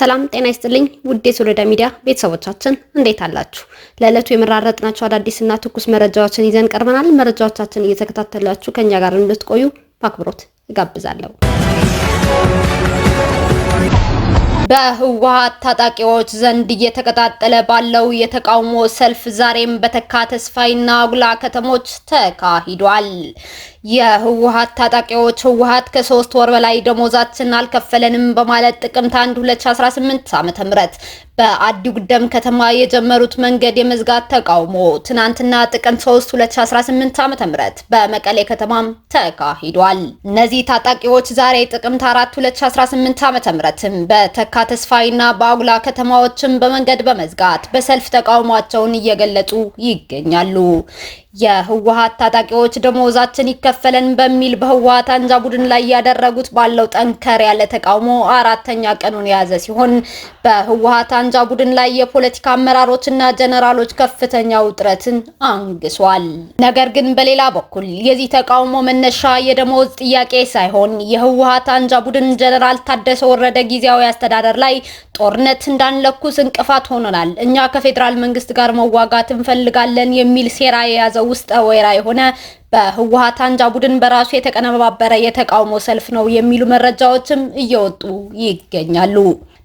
ሰላም ጤና ይስጥልኝ ውዴ የሶሎዳ ሚዲያ ቤተሰቦቻችን እንዴት አላችሁ? ለዕለቱ የመራረጥናቸው አዳዲስና ትኩስ መረጃዎችን ይዘን ቀርበናል። መረጃዎቻችን እየተከታተላችሁ ከኛ ጋር እንድትቆዩ በአክብሮት እጋብዛለሁ። በህወሓት ታጣቂዎች ዘንድ እየተቀጣጠለ ባለው የተቃውሞ ሰልፍ ዛሬም በተካ ተስፋይና አጉላ ከተሞች ተካሂዷል። የህወሀት ታጣቂዎች ህወሀት ከሶስት ወር በላይ ደሞዛችን አልከፈለንም በማለት ጥቅምት 1 2018 ዓ.ም በአዲጉደም ከተማ የጀመሩት መንገድ የመዝጋት ተቃውሞ ትናንትና ጥቅምት 3 2018 ዓ.ም በመቀሌ ከተማም ተካሂዷል። እነዚህ ታጣቂዎች ዛሬ ጥቅምት 4 2018 ዓ.ም በተካ ተስፋይና በአጉላ ከተማዎችን በመንገድ በመዝጋት በሰልፍ ተቃውሟቸውን እየገለጹ ይገኛሉ። የህወሀት ታጣቂዎች ደሞዛችን ይከፈለን በሚል በህወሀት አንጃ ቡድን ላይ ያደረጉት ባለው ጠንከር ያለ ተቃውሞ አራተኛ ቀኑን የያዘ ሲሆን በህወሀት አንጃ ቡድን ላይ የፖለቲካ አመራሮችና ጀነራሎች ከፍተኛ ውጥረትን አንግሷል። ነገር ግን በሌላ በኩል የዚህ ተቃውሞ መነሻ የደሞዝ ጥያቄ ሳይሆን የህወሀት አንጃ ቡድን ጀነራል ታደሰ ወረደ ጊዜያዊ አስተዳደር ላይ ጦርነት እንዳንለኩስ እንቅፋት ሆኖናል፣ እኛ ከፌዴራል መንግስት ጋር መዋጋት እንፈልጋለን የሚል ሴራ የያዘው ውስጠ ወይራ የሆነ በህወሀት አንጃ ቡድን በራሱ የተቀነባበረ የተቃውሞ ሰልፍ ነው የሚሉ መረጃዎችም እየወጡ ይገኛሉ።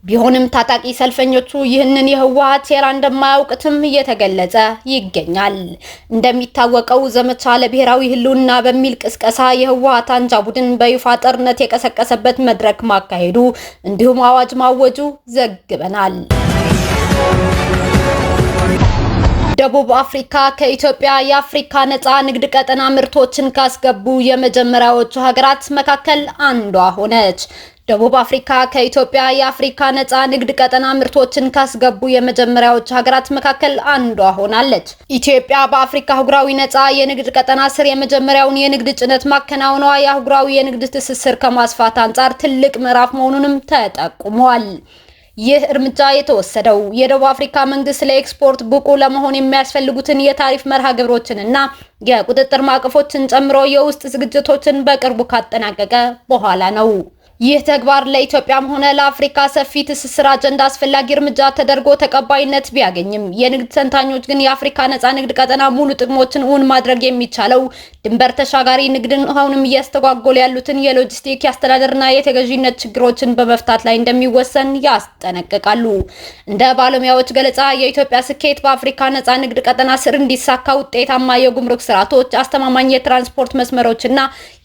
ቢሆንም ታጣቂ ሰልፈኞቹ ይህንን የህወሀት ሴራ እንደማያውቅትም እየተገለጸ ይገኛል። እንደሚታወቀው ዘመቻ ለብሔራዊ ህልውና በሚል ቅስቀሳ የህወሀት አንጃ ቡድን በይፋ ጦርነት የቀሰቀሰበት መድረክ ማካሄዱ እንዲሁም አዋጅ ማወጁ ዘግበናል። ደቡብ አፍሪካ ከኢትዮጵያ የአፍሪካ ነፃ ንግድ ቀጠና ምርቶችን ካስገቡ የመጀመሪያዎቹ ሀገራት መካከል አንዷ ሆነች። ደቡብ አፍሪካ ከኢትዮጵያ የአፍሪካ ነፃ ንግድ ቀጠና ምርቶችን ካስገቡ የመጀመሪያዎቹ ሀገራት መካከል አንዷ ሆናለች። ኢትዮጵያ በአፍሪካ አህጉራዊ ነፃ የንግድ ቀጠና ስር የመጀመሪያውን የንግድ ጭነት ማከናወኗ የአህጉራዊ የንግድ ትስስር ከማስፋት አንጻር ትልቅ ምዕራፍ መሆኑንም ተጠቁሟል። ይህ እርምጃ የተወሰደው የደቡብ አፍሪካ መንግስት ለኤክስፖርት ብቁ ለመሆን የሚያስፈልጉትን የታሪፍ መርሃ ግብሮችንና የቁጥጥር ማዕቀፎችን ጨምሮ የውስጥ ዝግጅቶችን በቅርቡ ካጠናቀቀ በኋላ ነው። ይህ ተግባር ለኢትዮጵያም ሆነ ለአፍሪካ ሰፊ ትስስር አጀንዳ አስፈላጊ እርምጃ ተደርጎ ተቀባይነት ቢያገኝም የንግድ ተንታኞች ግን የአፍሪካ ነፃ ንግድ ቀጠና ሙሉ ጥቅሞችን እውን ማድረግ የሚቻለው ድንበር ተሻጋሪ ንግድን አሁንም እያስተጓጎሉ ያሉትን የሎጂስቲክ የአስተዳደርና የተገዥነት ችግሮችን በመፍታት ላይ እንደሚወሰን ያስጠነቅቃሉ። እንደ ባለሙያዎች ገለጻ የኢትዮጵያ ስኬት በአፍሪካ ነፃ ንግድ ቀጠና ስር እንዲሳካ ውጤታማ የጉምሩክ ስርዓቶች፣ አስተማማኝ የትራንስፖርት መስመሮችና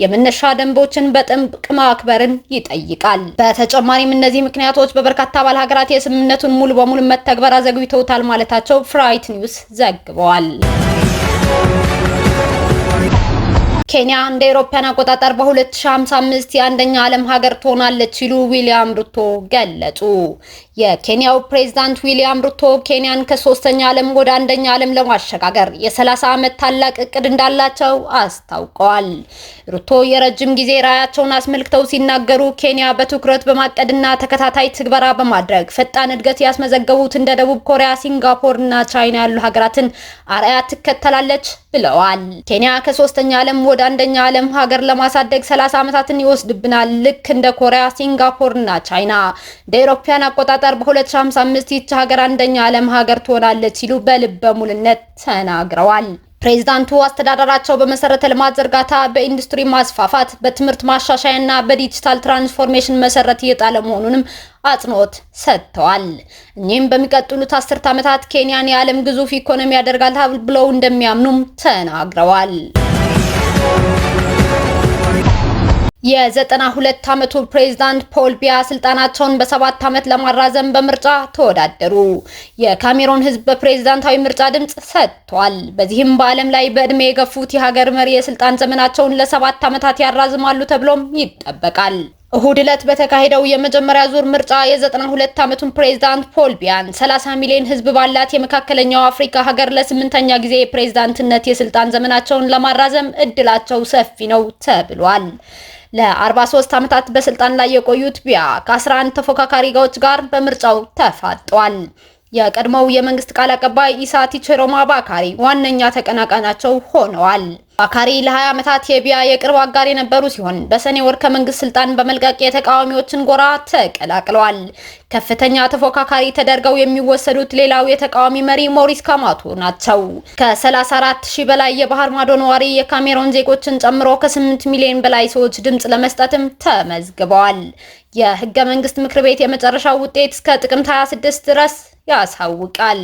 የመነሻ ደንቦችን በጥብቅ ማክበርን ይጠይቃል። በተጨማሪም እነዚህ ምክንያቶች በበርካታ አባል ሀገራት የስምምነቱን ሙሉ በሙሉ መተግበር አዘግብተውታል ማለታቸው ፍራይት ኒውስ ዘግበዋል። ኬንያ እንደ አውሮፓውያን አቆጣጠር በ2055 የአንደኛ ዓለም ሀገር ትሆናለች ሲሉ ዊሊያም ሩቶ ገለጹ። የኬንያው ፕሬዝዳንት ዊሊያም ሩቶ ኬንያን ከሶስተኛ ዓለም ወደ አንደኛ ዓለም ለማሸጋገር የ30 ዓመት ታላቅ እቅድ እንዳላቸው አስታውቀዋል። ሩቶ የረጅም ጊዜ ራዕያቸውን አስመልክተው ሲናገሩ ኬንያ በትኩረት በማቀድና ተከታታይ ትግበራ በማድረግ ፈጣን እድገት ያስመዘገቡት እንደ ደቡብ ኮሪያ፣ ሲንጋፖር እና ቻይና ያሉ ሀገራትን አርአያ ትከተላለች ብለዋል። ኬንያ ከሶስተኛ ዓለም ወደ አንደኛ ዓለም ሀገር ለማሳደግ 30 ዓመታትን ይወስድብናል፣ ልክ እንደ ኮሪያ፣ ሲንጋፖር እና ቻይና። እንደ አቆጣጠር በ2055 ይቺ ሀገር አንደኛ ዓለም ሀገር ትሆናለች ሲሉ በልበ ሙልነት ተናግረዋል። ፕሬዚዳንቱ አስተዳደራቸው በመሰረተ ልማት ዝርጋታ፣ በኢንዱስትሪ ማስፋፋት፣ በትምህርት ማሻሻያ እና በዲጂታል ትራንስፎርሜሽን መሰረት እየጣለ መሆኑንም አጽንኦት ሰጥተዋል። እኚህም በሚቀጥሉት አስርት ዓመታት ኬንያን የዓለም ግዙፍ ኢኮኖሚ ያደርጋል ብለው እንደሚያምኑም ተናግረዋል። የዘጠና ሁለት ዓመቱ ፕሬዝዳንት ፖል ቢያ ስልጣናቸውን በሰባት ዓመት ለማራዘም በምርጫ ተወዳደሩ። የካሜሮን ሕዝብ በፕሬዝዳንታዊ ምርጫ ድምፅ ሰጥቷል። በዚህም በዓለም ላይ በእድሜ የገፉት የሀገር መሪ የስልጣን ዘመናቸውን ለሰባት ዓመታት ያራዝማሉ ተብሎም ይጠበቃል። እሁድ ዕለት በተካሄደው የመጀመሪያ ዙር ምርጫ የ92 ዓመቱን ፕሬዝዳንት ፖል ቢያን 30 ሚሊዮን ህዝብ ባላት የመካከለኛው አፍሪካ ሀገር ለስምንተኛ ጊዜ የፕሬዝዳንትነት የስልጣን ዘመናቸውን ለማራዘም እድላቸው ሰፊ ነው ተብሏል። ለ43 ዓመታት በስልጣን ላይ የቆዩት ቢያ ከ11 ተፎካካሪ ጋዎች ጋር በምርጫው ተፋጧል። የቀድሞው የመንግስት ቃል አቀባይ ኢሳ ቺሮማ ባካሪ ዋነኛ ተቀናቃናቸው ሆነዋል። ዋካሪ ለ20 ዓመታት የቢያ የቅርብ አጋር የነበሩ ሲሆን በሰኔ ወር ከመንግስት ስልጣን በመልቀቅ የተቃዋሚዎችን ጎራ ተቀላቅለዋል። ከፍተኛ ተፎካካሪ ተደርገው የሚወሰዱት ሌላው የተቃዋሚ መሪ ሞሪስ ካማቱ ናቸው። ከ34 ሺህ በላይ የባህር ማዶ ነዋሪ የካሜሮን ዜጎችን ጨምሮ ከ8 ሚሊዮን በላይ ሰዎች ድምፅ ለመስጠትም ተመዝግበዋል። የህገ መንግስት ምክር ቤት የመጨረሻው ውጤት እስከ ጥቅምት 26 ድረስ ያሳውቃል።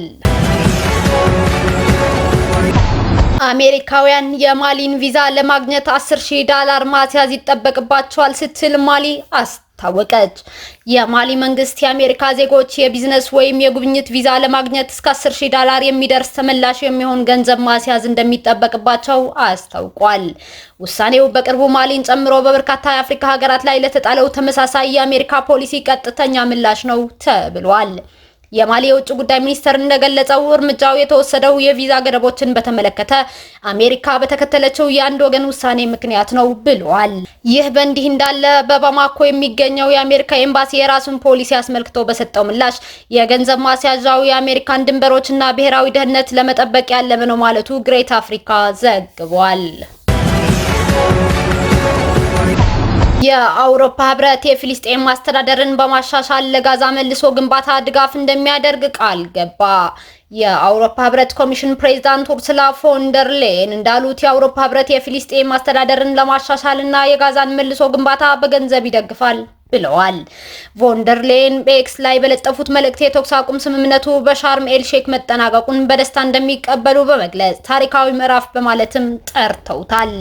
አሜሪካውያን የማሊን ቪዛ ለማግኘት 10 ሺህ ዳላር ማስያዝ ይጠበቅባቸዋል ስትል ማሊ አስታወቀች። የማሊ መንግስት የአሜሪካ ዜጎች የቢዝነስ ወይም የጉብኝት ቪዛ ለማግኘት እስከ 10 ሺህ ዳላር የሚደርስ ተመላሽ የሚሆን ገንዘብ ማስያዝ እንደሚጠበቅባቸው አስታውቋል። ውሳኔው በቅርቡ ማሊን ጨምሮ በበርካታ የአፍሪካ ሀገራት ላይ ለተጣለው ተመሳሳይ የአሜሪካ ፖሊሲ ቀጥተኛ ምላሽ ነው ተብሏል። የማሊ የውጭ ጉዳይ ሚኒስተር እንደገለጸው እርምጃው የተወሰደው የቪዛ ገደቦችን በተመለከተ አሜሪካ በተከተለችው የአንድ ወገን ውሳኔ ምክንያት ነው ብለዋል። ይህ በእንዲህ እንዳለ በባማኮ የሚገኘው የአሜሪካ ኤምባሲ የራሱን ፖሊሲ አስመልክቶ በሰጠው ምላሽ የገንዘብ ማስያዣው የአሜሪካን ድንበሮችና ብሔራዊ ደህንነት ለመጠበቅ ያለመ ነው ማለቱ ግሬት አፍሪካ ዘግቧል። የአውሮፓ ህብረት የፊልስጤን ማስተዳደርን በማሻሻል ለጋዛ መልሶ ግንባታ ድጋፍ እንደሚያደርግ ቃል ገባ። የአውሮፓ ህብረት ኮሚሽን ፕሬዚዳንት ኡርሱላ ፎንደር ሌን እንዳሉት የአውሮፓ ህብረት የፊልስጤን ማስተዳደርን ለማሻሻል እና የጋዛን መልሶ ግንባታ በገንዘብ ይደግፋል ብለዋል። ቮንደርሌን በኤክስ ላይ በለጠፉት መልእክት የተኩስ አቁም ስምምነቱ በሻርም ኤልሼክ መጠናቀቁን በደስታ እንደሚቀበሉ በመግለጽ ታሪካዊ ምዕራፍ በማለትም ጠርተውታል።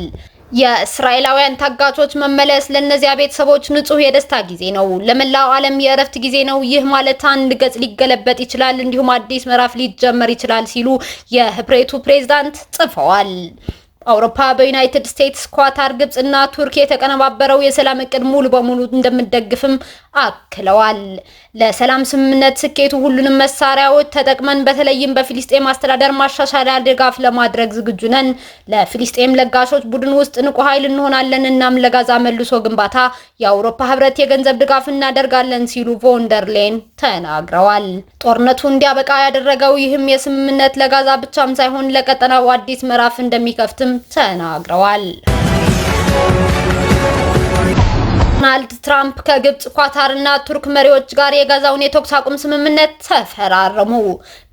የእስራኤላውያን ታጋቾች መመለስ ለእነዚያ ቤተሰቦች ንጹህ የደስታ ጊዜ ነው። ለመላው ዓለም የእረፍት ጊዜ ነው። ይህ ማለት አንድ ገጽ ሊገለበጥ ይችላል፣ እንዲሁም አዲስ ምዕራፍ ሊጀመር ይችላል ሲሉ የህብሬቱ ፕሬዝዳንት ጽፈዋል። አውሮፓ በዩናይትድ ስቴትስ፣ ኳታር፣ ግብጽ እና ቱርክ የተቀነባበረው የሰላም እቅድ ሙሉ በሙሉ እንደምደግፍም አክለዋል። ለሰላም ስምምነት ስኬቱ ሁሉንም መሳሪያዎች ተጠቅመን በተለይም በፊሊስጤም አስተዳደር ማሻሻያ ድጋፍ ለማድረግ ዝግጁ ነን። ለፊሊስጤም ለጋሾች ቡድን ውስጥ ንቁ ኃይል እንሆናለን። እናም ለጋዛ መልሶ ግንባታ የአውሮፓ ህብረት የገንዘብ ድጋፍ እናደርጋለን ሲሉ ቮንደርሌን ተናግረዋል። ጦርነቱ እንዲያበቃ ያደረገው ይህም የስምምነት ለጋዛ ብቻም ሳይሆን ለቀጠናው አዲስ ምዕራፍ እንደሚከፍትም ተናግረዋል። ዶናልድ ትራምፕ ከግብጽ ኳታርና ቱርክ መሪዎች ጋር የጋዛውን የተኩስ አቁም ስምምነት ተፈራረሙ።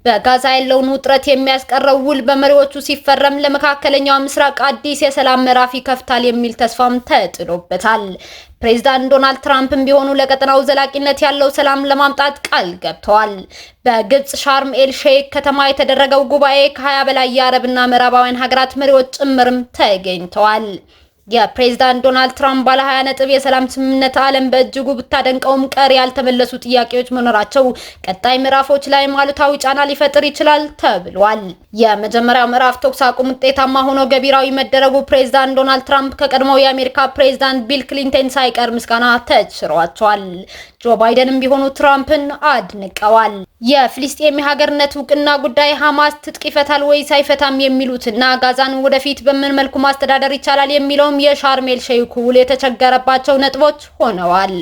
በጋዛ ያለውን ውጥረት የሚያስቀረው ውል በመሪዎቹ ሲፈረም ለመካከለኛው ምስራቅ አዲስ የሰላም ምዕራፍ ይከፍታል የሚል ተስፋም ተጥሎበታል። ፕሬዚዳንት ዶናልድ ትራምፕም ቢሆኑ ለቀጠናው ዘላቂነት ያለው ሰላም ለማምጣት ቃል ገብተዋል። በግብፅ ሻርም ኤል ሼክ ከተማ የተደረገው ጉባኤ ከ በላይ የአረብና ምዕራባውያን ሀገራት መሪዎች ጭምርም ተገኝተዋል። የፕሬዝዳንት ዶናልድ ትራምፕ ባለ 20 ነጥብ የሰላም ስምምነት ዓለም በእጅጉ ብታደንቀውም ቀሪ ያልተመለሱ ጥያቄዎች መኖራቸው ቀጣይ ምዕራፎች ላይ አሉታዊ ጫና ሊፈጥር ይችላል ተብሏል። የመጀመሪያው ምዕራፍ ተኩስ አቁም ውጤታማ ሆኖ ገቢራዊ መደረጉ ፕሬዝዳንት ዶናልድ ትራምፕ ከቀድሞው የአሜሪካ ፕሬዝዳንት ቢል ክሊንተን ሳይቀር ምስጋና ተችሯቸዋል። ጆ ባይደንም ቢሆኑ ትራምፕን አድንቀዋል። የፍልስጤም የሀገርነት እውቅና ጉዳይ ሐማስ ትጥቅ ይፈታል ወይስ አይፈታም የሚሉትና ጋዛን ወደፊት በምን መልኩ ማስተዳደር ይቻላል የሚለውም የሻርሜል ሼይኩ ውል የተቸገረባቸው ነጥቦች ሆነዋል።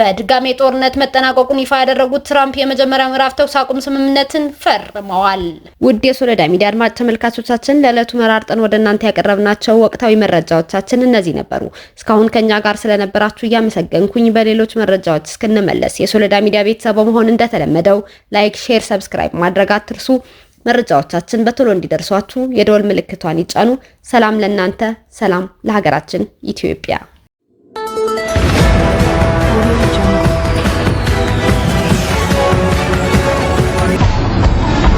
በድጋሜ ጦርነት መጠናቀቁን ይፋ ያደረጉት ትራምፕ የመጀመሪያ ምዕራፍ ተኩስ አቁም ስምምነትን ፈርመዋል። ውድ የሶለዳ ሚዲያ አድማጭ ተመልካቾቻችን ለዕለቱ መራርጠን ወደ እናንተ ያቀረብናቸው ወቅታዊ መረጃዎቻችን እነዚህ ነበሩ። እስካሁን ከኛ ጋር ስለነበራችሁ እያመሰገንኩኝ በሌሎች መረጃዎች እስክነ ስንመለስ የሶለዳ ሚዲያ ቤተሰብ በመሆን እንደተለመደው ላይክ፣ ሼር፣ ሰብስክራይብ ማድረግ አትርሱ። መረጃዎቻችን በቶሎ እንዲደርሷችሁ የደወል ምልክቷን ይጫኑ። ሰላም ለእናንተ፣ ሰላም ለሀገራችን ኢትዮጵያ።